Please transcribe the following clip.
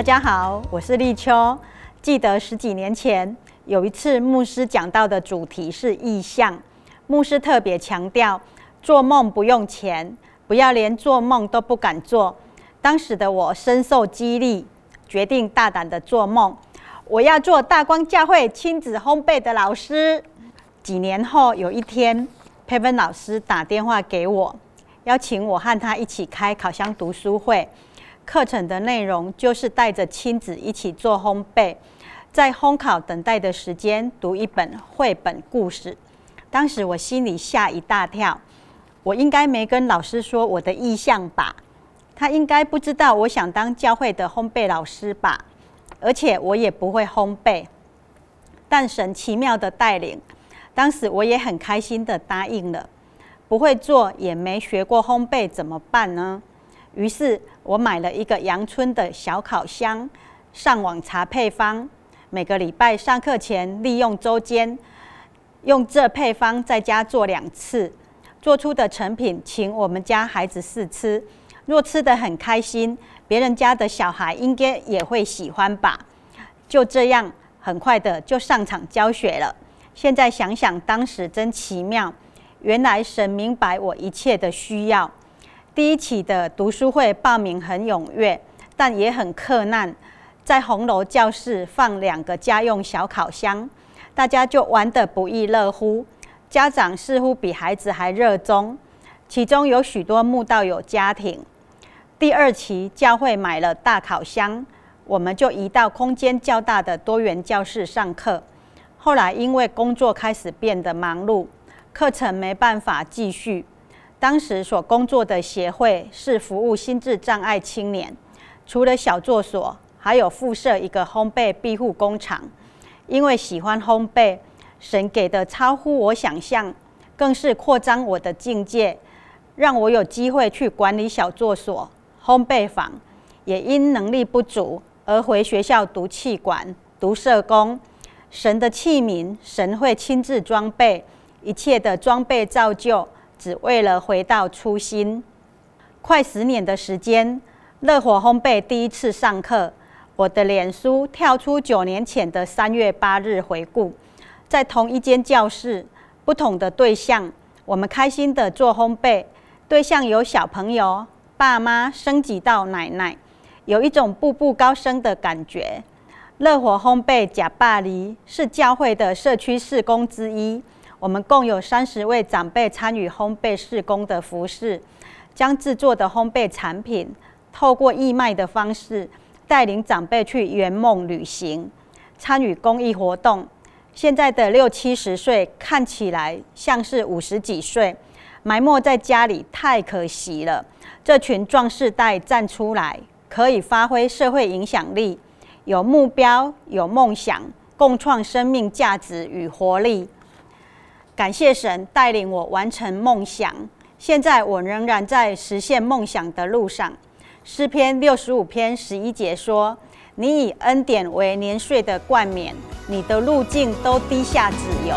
大家好，我是麗秋。記得十幾年前有一次牧師講到的主題是異象，牧師特別強調做夢不用錢，不要連做夢都不敢做。當時的我深受激勵，決定大膽地做夢。我要做大光教會親子烘焙的老師。幾年後有一天，佩芬老師打電話給我，邀請我和他一起開烤箱讀書會。課程的內容就是帶着親子一起做烘焙，在烘烤等待的時間讀一本繪本故事。當時我心裡嚇一大跳，我應該沒跟老師說我的意向吧？他應該不知道我想當教會的烘焙老師吧？而且我也不會烘焙。但神奇妙的帶領，當時我也很開心的答應了。不會做也沒學過烘焙，怎麼辦呢？於是我買了一個陽春的小烤箱，上網查配方，每個禮拜上課前利用周間，用這配方在家做兩次，做出的成品請我們家孩子試吃，若吃得很開心，別人家的小孩應該也會喜歡吧？就這樣，很快的就上場教學了。現在想想，當時真奇妙，原來神明白我一切的需要。第一期的讀書會報名很踴躍，但也很克難。在紅樓教室放兩個家用小烤箱，大家就玩得不亦樂乎。家長似乎比孩子還熱衷，其中有許多慕道友家庭。第二期教會買了大烤箱，我們就移到空間較大的多元教室上課。後來因為工作開始變得忙碌，課程沒辦法繼續。當時所工作的協會是服務心智障礙青年，除了小作所，還有附設一個烘焙庇護工場。因為喜歡烘焙，神給的超乎我想象，更是擴張我的境界，讓我有機會去管理小作所、烘焙坊。也因能力不足而回學校讀企管、讀社工。神的器皿，神會親自裝備一切的裝備造就。只為了回到初心，快十年的時間，樂活烘焙第一次上課，我的臉書跳出九年前的三月八日回顧，在同一間教室，不同的對象，我們開心地做烘焙，對象有小朋友、爸媽、升級到奶奶，有一種步步高升的感覺。樂活烘焙假巴黎是教會的社區事工之一。我們共有三十位長輩參與烘焙事工的服事，將製作的烘焙產品透過義賣的方式，帶領長輩去圓夢旅行，參與公益活動。現在的六七十歲看起來像是五十幾歲，埋沒在家裡太可惜了。這群壯世代站出來，可以發揮社會影響力，有目標、有夢想，共創生命價值與活力。感謝神帶領我完成夢想，現在我仍然在實現夢想的路上。詩篇六十五篇十一節說：“你以恩典為年歲的冠冕，你的路徑都滴下脂油。”